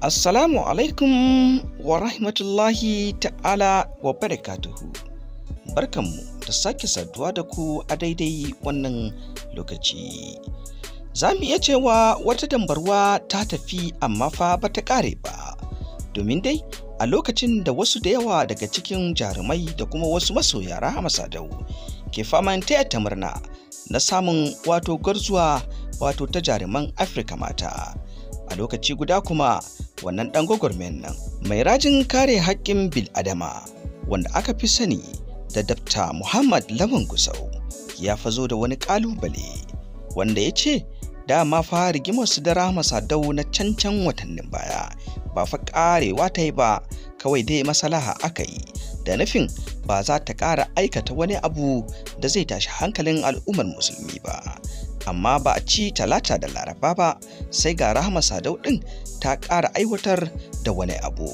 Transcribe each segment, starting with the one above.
Assalamu alaikum wa rahmatullahi ta'ala wa barakatuhu. Barkanmu ta sake saduwa da ku a daidai wannan lokaci. Za mu iya cewa wata dambarwa ta tafi amma fa ba ta ƙare ba, domin dai a lokacin da wasu da yawa daga cikin jarumai da kuma wasu masoya Rahama Sadau ke faman taya ta murna na samun wato garzuwa wato ta jaruman Afirka mata. a lokaci guda kuma wannan ɗan gwagwarmen nan mai rajin kare haƙƙin bil'adama wanda aka fi sani da dabta muhammad lawan gusau ya fazo da wani ƙalubale wanda ya ce dama fa su da rama dau na cancan watannin baya ba fa ƙarewa ta yi ba kawai dai masalaha aka yi da nufin ba za ta ƙara aikata wani abu da zai tashi hankalin al'ummar musulmi ba amma ba a ci talata da laraba ba sai ga rahama sadau ɗin ta ƙara aiwatar da wani abu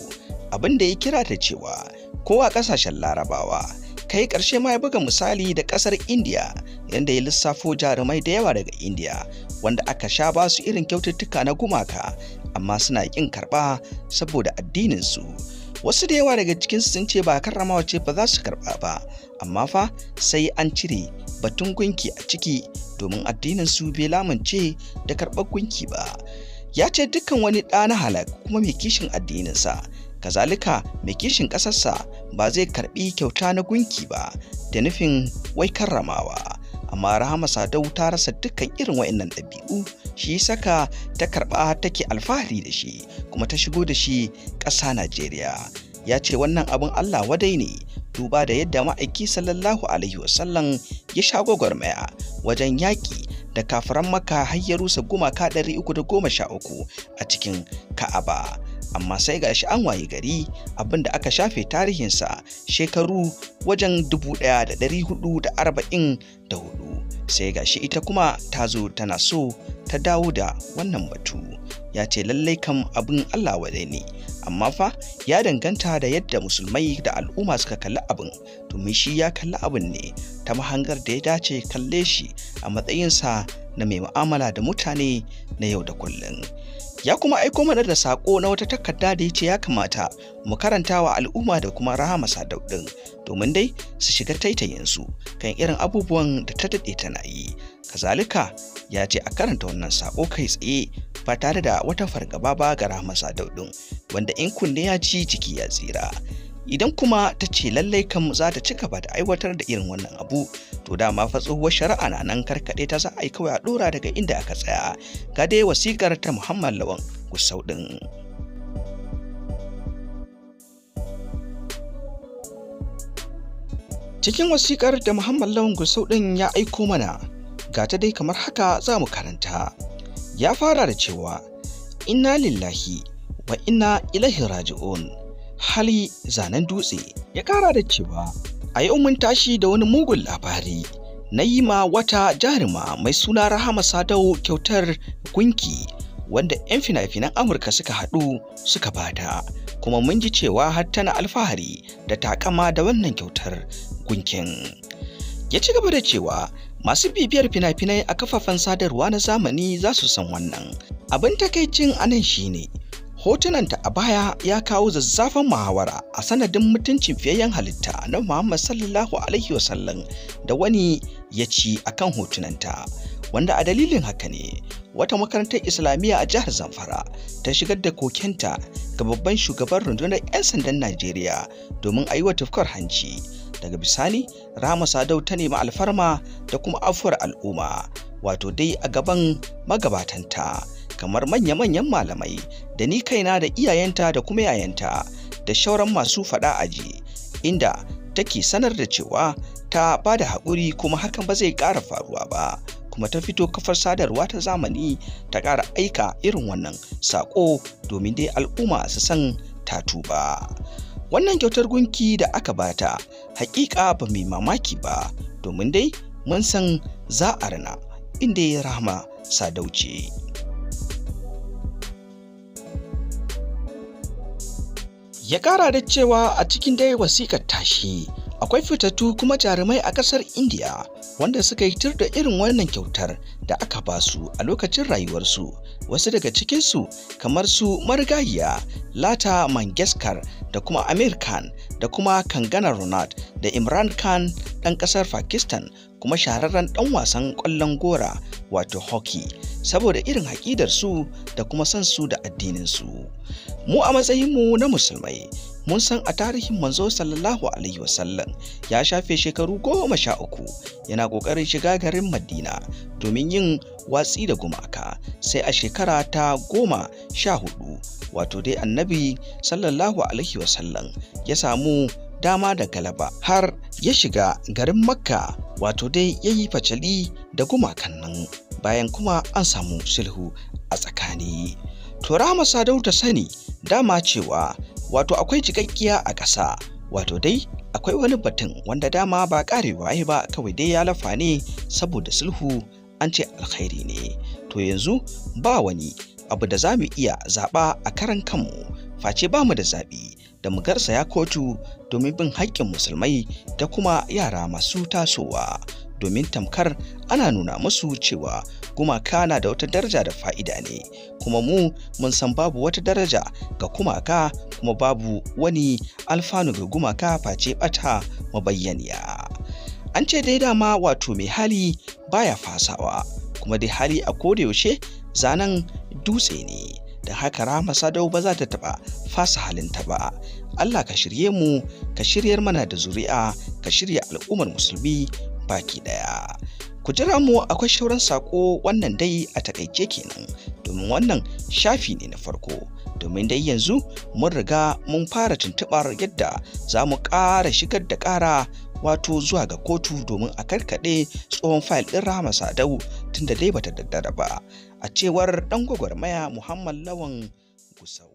Abinda da ya kira ta cewa kowa ƙasashen larabawa kai ƙarshe ma ya buga misali da ƙasar indiya yadda ya lissafo jarumai da yawa daga indiya wanda aka sha ba su irin kyaututtuka na gumaka amma suna ƙin karɓa saboda addininsu wasu da yawa daga cikinsu sun ce ba karramawa ce ba za su karɓa ba amma fa sai an cire batun gunki a ciki domin addinin su bai lamunce da karɓar gunki ba ya ce dukkan wani ɗa na halak kuma mai kishin addininsa kazalika mai kishin ƙasarsa ba zai karɓi kyauta na gunki ba da nufin wai karramawa amma rahama sadau ta rasa dukkan irin wa'annan ɗabi'u shi saka ta karɓa take alfahari da shi kuma ta shigo da shi ƙasa najeriya ya ce wannan abin allah wadai ne duba da yadda ma'aiki sallallahu alaihi wasallam ya sha gwagwarmaya wajen yaƙi da kafiran maka har ya rusa gumaka 313 a cikin ka'aba amma sai ga shi an waye gari abinda aka shafe tarihinsa shekaru wajen 1444 sai ga shi ita kuma ta zo tana so ta dawo da wannan batu ya ce lallai kam abin Allah wadai ne amma fa ya danganta da yadda musulmai da al'umma suka kalli abin domin shi ya kalli abin ne ta mahangar da ya dace kalle shi a matsayinsa na mai mu'amala da mutane na yau da kullum ya kuma aiko mana da sako na wata takarda da ya ce ya kamata mu karanta wa al'umma da kuma rahama sadau ɗin domin dai su shiga taitayinsu kan irin abubuwan da ta daɗe tana yi kazalika ya ce a karanta wannan sako kai tsaye ba tare da wata fargaba ba ga rahama sadau ɗin wanda in kunne ya ci jiki ya tsira idan kuma ta ce lallai kan za ta ci gaba da aiwatar da irin wannan abu to dama fa tsohuwar shari'a na nan karkaɗe ta za a yi kawai a ɗora daga inda aka tsaya ga dai wasikar ta muhammad lawan gusau ɗin. cikin wasikar da muhammad lawan gusau ɗin ya aiko mana ga ta dai kamar haka za mu karanta ya fara da cewa inna lillahi wa inna ilaihi raji'un hali zanen dutse ya kara da cewa a yau mun tashi da wani mugun labari na yi ma wata jarima mai suna rahama sadau kyautar gunki wanda 'yan fina-finan amurka suka haɗu suka bata, kuma mun ji cewa har tana alfahari da takama da wannan kyautar gunkin ya ci gaba da cewa masu bibiyar fina-finai a kafafen sadarwa na zamani za su san wannan abin takaicin anan shine hotunanta a baya ya kawo zazzafan muhawara a sanadin mutuncin fiyayyen halitta na muhammad sallallahu alaihi wasallam da wani ya ci a kan hotunanta wanda a dalilin haka ne wata makarantar islamiyya a jihar zamfara ta shigar da kokenta ga babban shugaban rundunar 'yan sandan najeriya domin a yi wa tafkar hanci daga bisani rama sadau ta nemi alfarma da kuma afuwar al'umma wato dai a gaban magabatanta kamar manya-manyan malamai da ni kaina da iyayenta da kuma yayanta da shauran masu faɗa aji inda take sanar da cewa ta ba da haƙuri kuma hakan ba zai ƙara faruwa ba kuma ta fito kafar sadarwa ta zamani ta ƙara aika irin wannan saƙo domin dai al'umma su san ta tuba wannan kyautar gunki da aka bata haƙiƙa ba mai mamaki ba domin dai mun san za a rana inda ya rahama sadauce. ya kara da cewa a cikin dai wasikar tashi akwai fitattu kuma jarumai a kasar india wanda suka yi tur da irin wannan kyautar da aka ba su a lokacin rayuwarsu wasu daga cikinsu kamar su marigayya lata mangeskar da kuma amir khan da kuma kangana ronald da imran khan ɗan ƙasar pakistan kuma shahararren ɗan wasan ƙwallon gora wato hockey saboda irin su da kuma son su da addininsu mu a matsayinmu na musulmai mun san a tarihin manzo sallallahu alaihi wasallam ya shafe shekaru goma sha uku yana ƙoƙarin shiga garin madina domin yin watsi da gumaka sai a shekara ta goma sha hudu wato dai annabi sallallahu alaihi wasallam ya samu dama da galaba har ya shiga garin makka wato dai ya yi facali da gumakan nan bayan kuma an samu sulhu a tsakani to rahama sadau ta sani dama cewa wato akwai cikakkiya a ƙasa wato dai akwai wani batun wanda dama ba ƙarewa ya ba kawai dai ya lafa ne saboda sulhu an ce alkhairi ne to yanzu ba wani abu da za mu iya zaɓa a karan kanmu face ba mu da zaɓi da mu garsaya kotu domin bin haƙƙin musulmai da kuma yara masu tasowa domin tamkar ana nuna musu cewa gumaka na da wata daraja da fa'ida ne kuma mu mun san babu wata daraja ga gumaka kuma babu wani alfanu ga gumaka face bata mabayyaniya an ce dai dama wato mai hali baya fasawa kuma dai hali a yaushe zanen dutse ne da haka rama sadau ba za ta taɓa fasa halinta ba Allah ka shirye mu ka shiryar mana da zuri'a ka shirya al'ummar musulmi baki daya ku jira mu akwai shauran sako wannan dai a takaice kenan domin wannan shafi ne na farko domin dai yanzu mun riga mun fara tuntubar yadda za mu ƙara shigar da ƙara wato zuwa ga kotu domin a karkaɗe tsohon fayil ɗin rahama sadau tunda dai bata daddare ba a cewar ɗan gwagwarmaya muhammad lawan gusau